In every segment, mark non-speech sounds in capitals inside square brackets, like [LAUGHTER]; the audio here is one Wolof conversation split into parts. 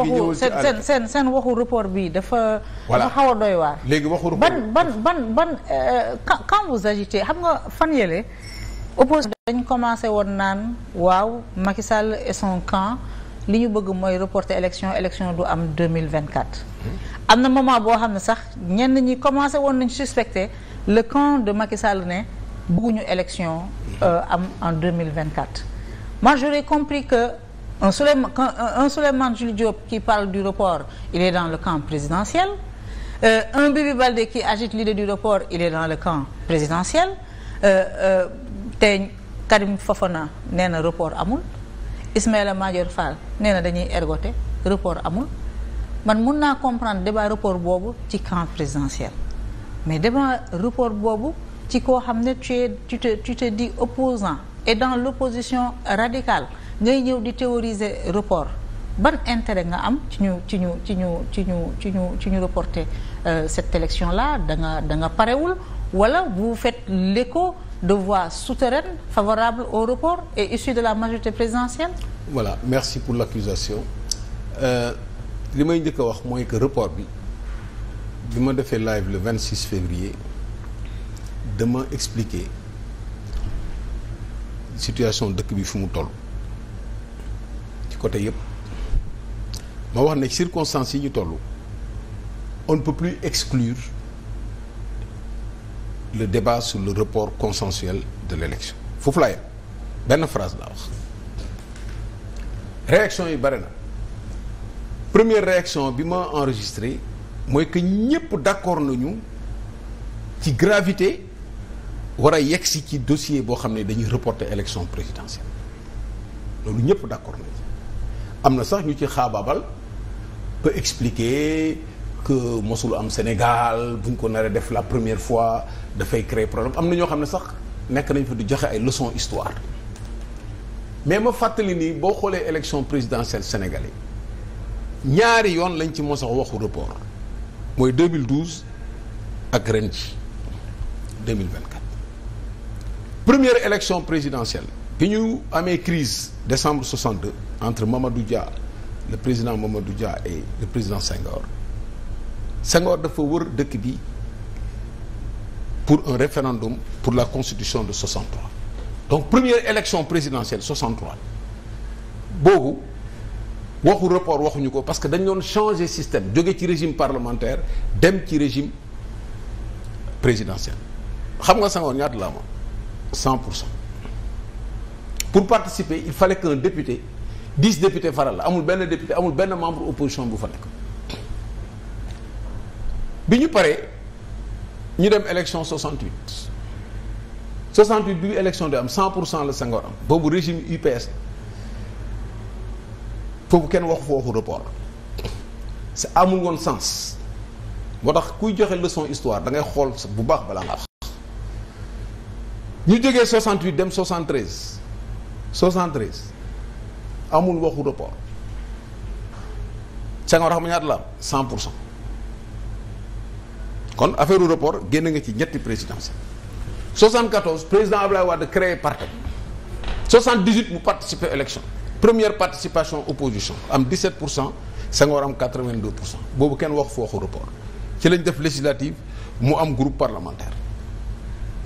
waxu seen seen seen waxu report bii dafa. voilà dafa xaw doy waar. léegi waxu report ban ban ban ban euh, quand quand vous agitez xam nga fan yële opposition dañ commencé woon naan waaw Macky Sall et son camp li ñu bëgg mooy reporter élection élection du am deux mille vingt quatre. Hmm. am na moment boo xam ne sax ñenn ñi commencé woon nañu suspecter le camp de Macky Sall ne bëgguñu élection hmm. euh, am en deux mille vingt quatre compris que. un Souleymane un Souleymane Jules Diop qui parle du report il est dans le camp présidentiel euh, un Bibi Baldé qui agite l'idée du report il est dans le camp présidentiel euh, euh, tey Karim Fofana nee na report amul Ismaïla Madior Fall nee na dañuy ergoté report amul man mun naa comprendre débat report boobu ci camp présidentiel mais débat report boobu ci koo xam ne tu es tu te tu te dis opposant et dans l'opposition radicale ngay ñëw di théoriser report ban intérêt nga am ci ñu ci ñu ci ñu ci ñu ci ñu ci ñu reporter euh, cette élection là da nga da nga parewul wala vous faites l'écho de voix souterraine favorable au report et issue de la majorité présidentielle voilà merci pour l'accusation euh, li may njëkk a wax mooy que report bi bi ma defee live le 26 février dama expliquer situation dëkk bi fu mu toll côté yëpp ma wax ne circonstances yi ñu toll on ne plus exclure le débat sur le report consensuel de l'élection foofu laa yem benn phrase laa wax réaction yi bëri na première réaction bi ma enregistré mooy que ñëpp d'accord nañu ci gravité war a yegsi ci dossier boo xam ne dañuy reporter élection présidentielle loolu ñëpp d'accord nañu am na sax ñu ci xaabaabal peut expliquer que mosul am Sénégal bu ñu ko naree def la première fois dafay créer problème am na ñoo xam ne sax nekk nañ fa du joxe ay leçon histoire mais ma fàttali nii boo xoolee élection présidentielle sénégalais ñaari yoon lañ ci mos a waxu report mooy 2012 ak ren ji 2024 première élection présidentielle bi ñu amee crise décembre 62 entre Mamadou Dia le président Mamadou Dia et le président Senghor Senghor dafa wër dëkk bi pour un référendum pour la constitution de 63 donc première élection présidentielle 63 boobu waxu rapport waxuñu ko parce que dañ doon changer système jóge ci régime parlementaire dem ci régime présidentiel xam nga Senghor ñaata la amoon pour pour participer il fallait qu'un député dix députés faral la amul benn député amul benn membre opposition bu fa nekk bi ñu paree ñu dem élection 68 68 bi élection di am cent pour cent la Senghor am boobu régime UPS foofu kenn waxu fa waxu report c' amul woon sens moo tax kuy joxe leçon histoire da ngay xool bu baax balaa ngaa wax ñu jógee 68 dem 73 73 amul waxu report Senghor xam nga ñaata la am 100 pour cent kon affaire report génn nga ci ñetti présidentielle 74 président Ablaye Wade créé parti 78 mu participer élection première participation opposition am 17 pour cent Senghor am 82 pour cent boobu kenn wax foofu report ci lañ def législative mu am groupe parlementaire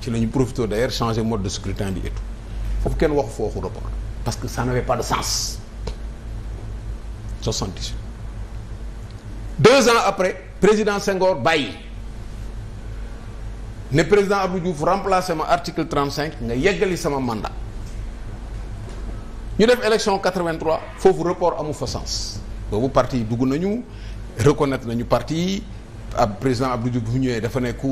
ci la ñu profité d'ailleurs changer mode de scrutin bi et foofu kenn waxu foofu report parce que ça n'avait pas de sens 78 deux ans après président Senghor bàyyi ne président Abdou Diouf remplacé ma article 35 nga yeggali sama mandat ñu def élection 83 foofu report amu fa sens boobu parti yi nañu reconnaître nañu parti ab président Abdou Diouf bu ñëwee dafa ne ku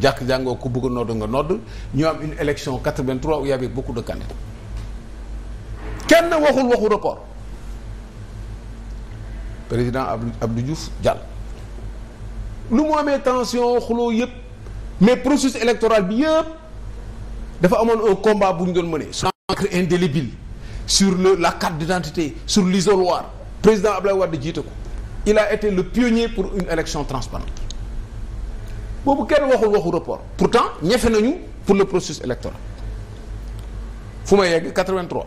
jàkk jàngoo ku bëgg a nodd nga nodd ñoo am une élection 83 où il y avait beaucoup de candidats kenn waxul waxu report président Abdou Abdou Diouf jàll lu mu amee tension xuloo yëpp mais processus électoral bi yëpp dafa amoon un combat bu ñu doon mënee sur l'encre indélébile sur le la carte d'identité sur l'isoloir président Abdoulaye Wade jiite ko il a été le pionnier pour une élection transparente boobu kenn waxul waxu report pourtant ñefe nañu pour le processus électoral fu ma yegg 83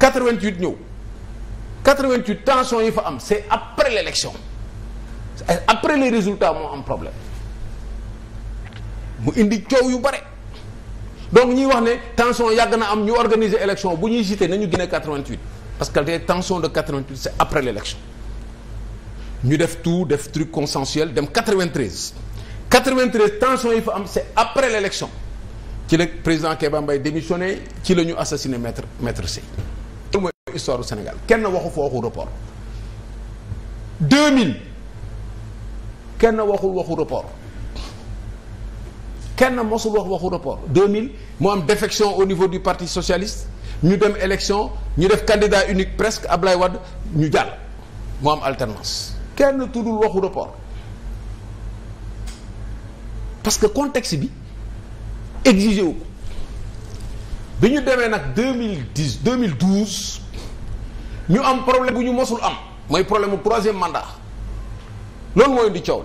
88 ñëw 88 tension yi fa am c'est après l'élection après les résultats moo am problème mu indi coow yu bare donc ñuy wax ne tension yàgg na am ñu organiser élection bu ñuy cité nañu génne 88 parce que les tensions de 88 c'est après l'élection ñu def tout def truc consensuel dem 93 93 tension yi fa am c'est après l'élection ci la président Kéba Mbaye démissionné ci la ñu assassiné maître maître Sèye loolu mooy histoire du Sénégal kenn waxu fa waxu report 2000 kenn waxul waxu report kenn mosul wax waxu report 2000 moo am défection au niveau du parti socialiste ñu dem élection ñu def candidat unique presque Ablaye Wade ñu jàll moo am alternance kenn tuddul waxu report parce que contexte bi exigé wu ko bi ñu demee nag deux mille dix deux mille douze ñu am problème bu ñu mosul am mooy problème mu troisième mandat loolu mooy di coow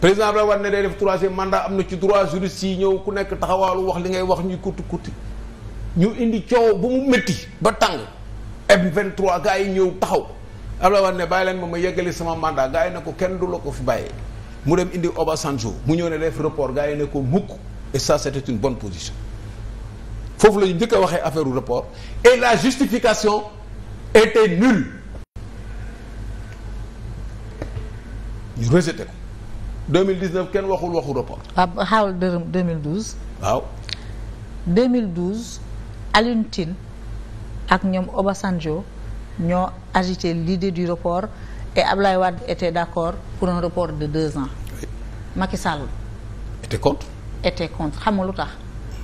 président Abdoulaye Wade ne day def troisième mandat am na ci droit juriste yi ñëw ku nekk taxawaalu wax li ngay wax ñuy kurti kurti ñu indi coow ba mu métti ba tàng M23 gars yi ñëw taxaw Abdoulaye Wade ne bàyyi leen ma ma yeggali sama mandat gars yi ne ko kenn du la ko fi bàyyee. mu dem indi Obasanjo mu ñëw ne def report gars yi ne ko mukk et ça c' était une bonne position foofu la ñu njëkk a waxee affaire report et la justification était nulle ñu rejeté ko 2019 kenn waxul waxu report. Ah, waaw xaawal dërëm 2012. waaw. 2012 ak ñoom Obasanjo ñoo agité l'idée du report. et Ablaye Wade était d'accord pour un report de deux ans. Oui. Macky était contre. était contre xam nga lu tax.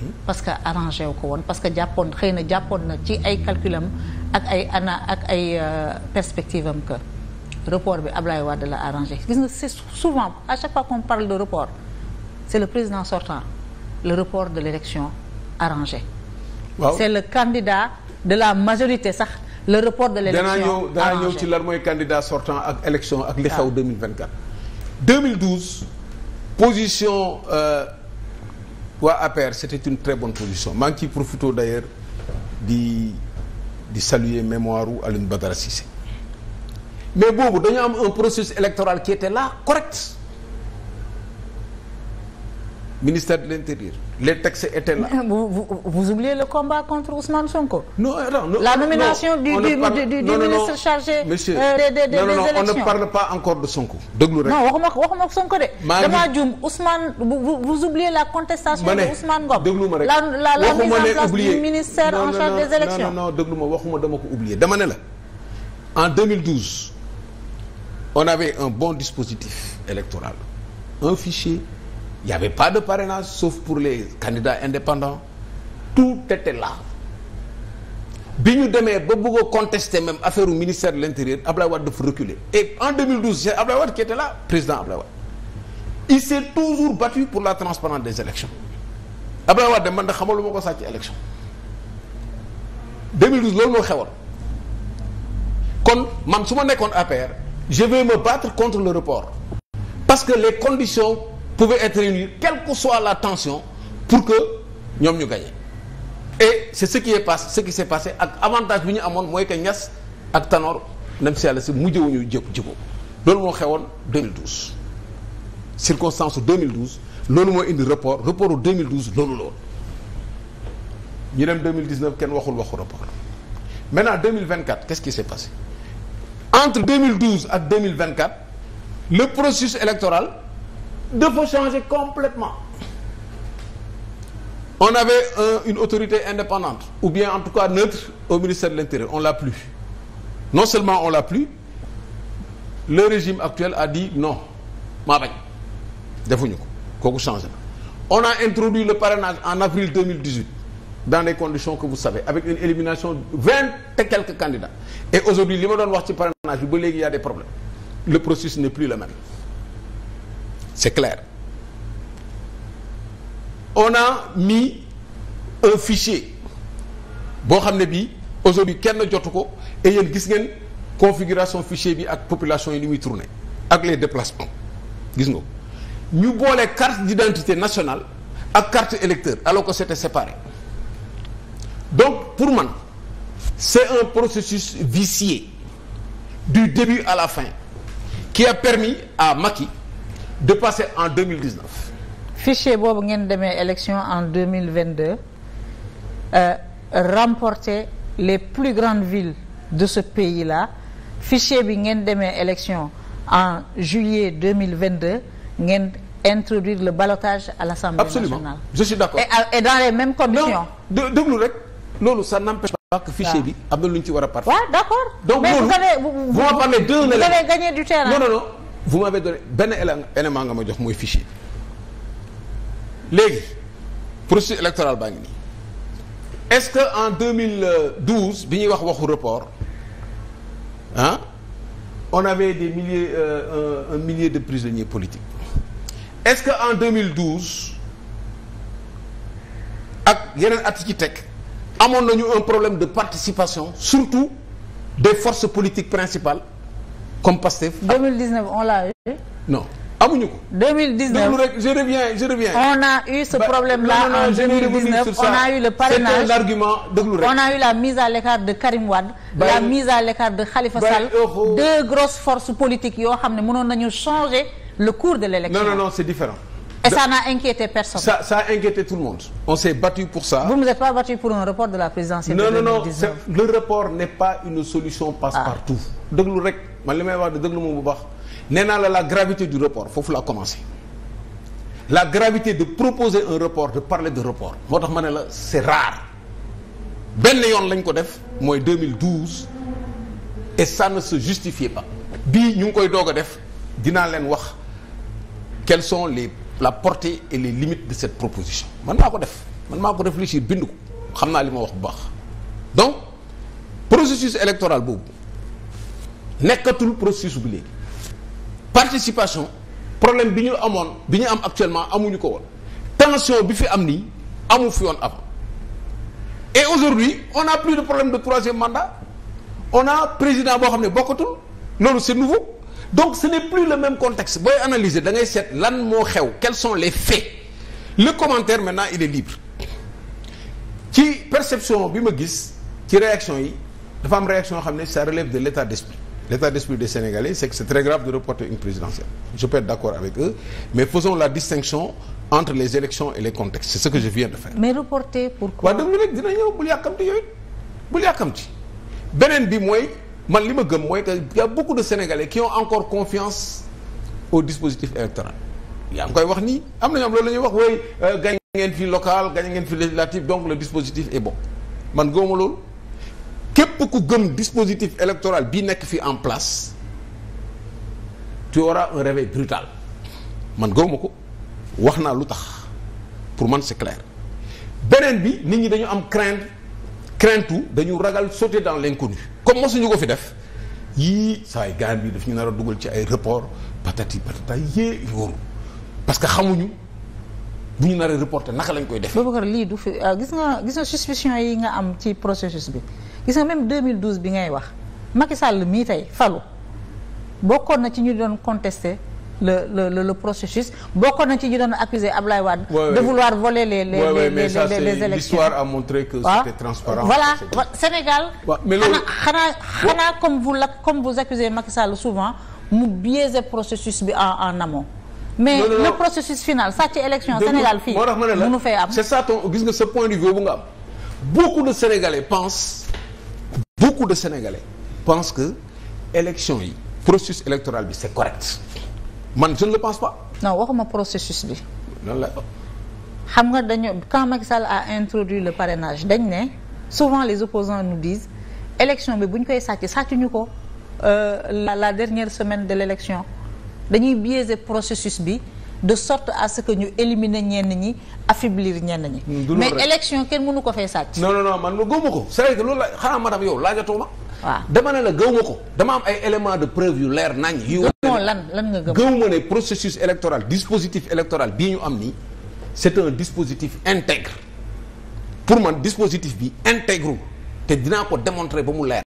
Hmm? parce que arrangé wu ko woon parce que jàppoon xëy na jàppoon na ci ay calculam ak ay ana ak ay euh, perspective am que report bi Ablaye Wade la arrangé gis nga c'est souvent à chaque fois qu'on parle de report c'est le président sortant le report de l'élection arrangé. c'est le candidat de la majorité sax. le report danaa ñëw danaa ñëw ci lan mooy candidat sortant ak élection ak li xew 2024 ah. 2012 position euh, waa euh, APR c'était une très bonne position maa ngi ciy profité d'ailleurs di di saluer mémoire u Alioune Badara Cissé mais boobu dañu am un processus électoral qui était là correct ministère de l'Intérieur. Les textes étaient là. [LAUGHS] Vous, vous, vous, oubliez le combat contre Ousmane Sonko Non, euh, La nomination du, ministre chargé Monsieur, euh, des, des, non, des élections. on ne parle pas encore de Sonko. Déglu rek. Non, waxuma waxuma Sonko de. Dama jum Ousmane vous, vous oubliez la contestation de Ousmane Ngom. Déglu ma rek. La la, la place du ministère en charge des élections. Non, waxuma dama ko oublier. Dama ne la. En 2012 on avait un bon dispositif électoral. Un fichier il y pas de parrainage sauf pour les candidats indépendants tout était là bi ñu demee ba bëgg a contester même affaire au ministère de l'intérieur Ablaye Wade dafa reculer et en 2012 c'est Ablaye Wade qui était là président Ablaye Wade il s'est toujours battu pour la transparence des élections Ablaye Wade man da xamaluma ko sàcc élection 2012 loolu moo xewoon kon man su ma nekkoon APR je vais me battre contre le report parce que les conditions pouvaient être réunis quelle que la tension pour que ñoom ñu gañe et c'est ce qui est passé ce qui s'est passé ak avantage bi ñu amoon mooy que Niass ak Tanor ndem si yàlla si mujjewuñu jë jëko loolu moo xewoon 2012 circonstance su 2012 loolu moo indi report report u 2012 loolu loolu ñu dem 2019 kenn waxul waxu report maintenant 2024 qu'est-ce qui s'est passé entre 2012 ak 2024 le processus électoral dafa changer complètement on avait un, une autorité indépendante ou bien en tout cas neutre au ministère de l'Intérieur on l'a plus non seulement on l'a plus le régime actuel a dit non maa bañ defuñu ko kooku changé na on a introduit le parrainage en avril 2018 dans les conditions que vous savez avec une élimination de vingt et quelques candidats et aujourd'hui li ma doon wax ci parrainage bi ba léegi y a des problèmes le processus n'est plus le même c'est clair on a mis un fichier boo xam ne bii aujourd'hui kenn jotu ko et yéen gis ngeen configuration fichier bi ak population yi ni muy tourner ak les déplacements gis nga ñu boole carte d'identité nationale ak carte électeur aloo que c'était séparé donc pour man c'est un processus vicié du début à la fin ki a permis à Macky dépassé en 2019. fichier boobu ngeen demee élection en 2022 euh, remporter les plus grandes villes de ce pays là fichier bi ngeen demee élection en juillet 2022 ngeen introduire le ballottage à l'Assemblée Absolument. nationale. je suis d'accord et, dans les mêmes conditions. non déglu rek loolu ça n'empêche pas que fichier bi am na lu ñu ci d'accord. donc vous avez vous, vous, avez gagné du terrain. vous m'avez donné benn élément nga ma jox mooy fichier léegi processus électoral baa ngi nii est-ce que en 2012 bi ñuy wax waxu report ah on avait des milliers euh, un, un millier de prisonniers politiques est-ce que en 2012 ak yeneen at ci teg amoon nañu un problème de participation surtout des forces politiques principales comme Pastef. 2019 on l'a eu. non amuñu ko. 2019 déglu rek je reviens je reviens. on a eu ce problème là non, non, en 2019 on a eu le parrainage on a eu la mise à l'écart de Karim Wade. la euh, mise à l'écart de Khalifa Sall. Oh, oh. deux grosses forces politiques yoo xam ne mënoon nañu changer le cours de l'élection. non Et ça n'a inquiété personne. Ça, ça a inquiété tout le monde. On s'est battu pour ça. Vous ne vous pas battu pour un report de la présidentielle non, de 2019. Non, non, non. Le report n'est pas une solution passe-partout. Ah. déglu rek man li may wax de déglu moom bu baax nee naa la la gravité du report foofu laa commencé la gravité de proposer un report de parler de report moo tax ma ne la c'est rare benn yoon lañ ko def mooy 2012 et ça ne se justifiait pas bii ñu ngi koy doog a def dinaa leen wax quels sont les la portée et les limites de cette proposition man maa ko def man maa ko réfléchir bind ko xam naa li ma wax bu baax donc processus électoral boobu nekkatul processus bu léegi participation problème bi ñu amoon bi ñu am actuellement amuñu ko woon tension bi fi am nii amu fi woon avant et aujourd'hui on a plus de problème de troisième mandat on a président boo xam ne bokkatul loolu c'est nouveau donc ce n'est plus le même contexte booy analyser da ngay seet lan moo xew quels sont les faits le commentaire maintenant il est libre ci perception bi ma gis ci réaction yi dafa am réaction o xam ne ça relève de l'état d'esprit l'état d'esprit des Sénégalais c'est que c'est très grave de reporter une présidentielle je peux être d'accord avec eux mais faisons la distinction entre les élections et les contextes c'est ce que je viens de faire. mais reporter pourquoi. waaw déglu rek dina ñëw bul beneen bi mooy. man li ma gëm mooy que y a beaucoup de sénégalais qui ont encore confiance au dispositif électoral yaa ngi koy wax nii am na am loolu la ñuy wax wooy euh, gañ ngeen fi local gañ ngeen fi législatif donc le dispositif est bon man gëmuma loolu képp ku gëm dispositif électoral bii nekk fi en place tu auras un réveil brutal man gëmuma ko wax naa lu tax pour man c'est clair beneen bi nit ñi dañu am crainte crainte dañu ragal sauter dans l'inconnu comme mosuñu ko fi def yii saa yi gaan bi daf ñu nar a dugal ci ay report patati patata yee parce que xamuñu bu ñu nar a reporté naka lañ koy def Babacar lii du fi ah, gis nga gis nga suspicion yi nga am ci processus bi gis nga même 2012 bi ngay wax Macky Sall mii tey falu bokkoon na ci ñu doon contesté le processus bokkoon na ci ñu doon accuser Ablaye Wade. de vouloir voler les les ouais, les, les, ça, les a que ah. c'était transparent. Sénégal. mais loolu xanaa xanaa comme vous la comme vous souvent mu biaisé processus bi en en amont. mais non, non, non. le processus final sàcc élection Sénégal fii mënu fee am. c'est ça ton gis nga ce point de vue bu nga am beaucoup de Sénégalais pensent beaucoup de Sénégalais pensent que élection yi processus électoral bi c'est correct. man je ne le pense pas. non waxuma processus bi. lan la. xam nga dañu quand Macky Sall a introduit le parrainage dañ ne souvent les opposants nous disent élection bi bu ñu koy sàcc sàccuñu ko euh, la la dernière semaine de l' dañuy biaiser processus bi de sorte à ce que ñu éliminer ñenn ñi affaiblir ñenn ñi. mais élection kenn mënu ko fay sàcc. non non non man ma góobu ko c'est vrai que xanaa madame yow laajatoo ma. waaw dama ne la gëw ma ko dama am ay éléments de preuve yu leer nañ yu gëmoo lan lan nga gëm gëw ne processus électoral dispositif électoral bii ñu am nii c'est un dispositif intègre pour man dispositif bi intégro te dinaa ko démontrer ba mu leer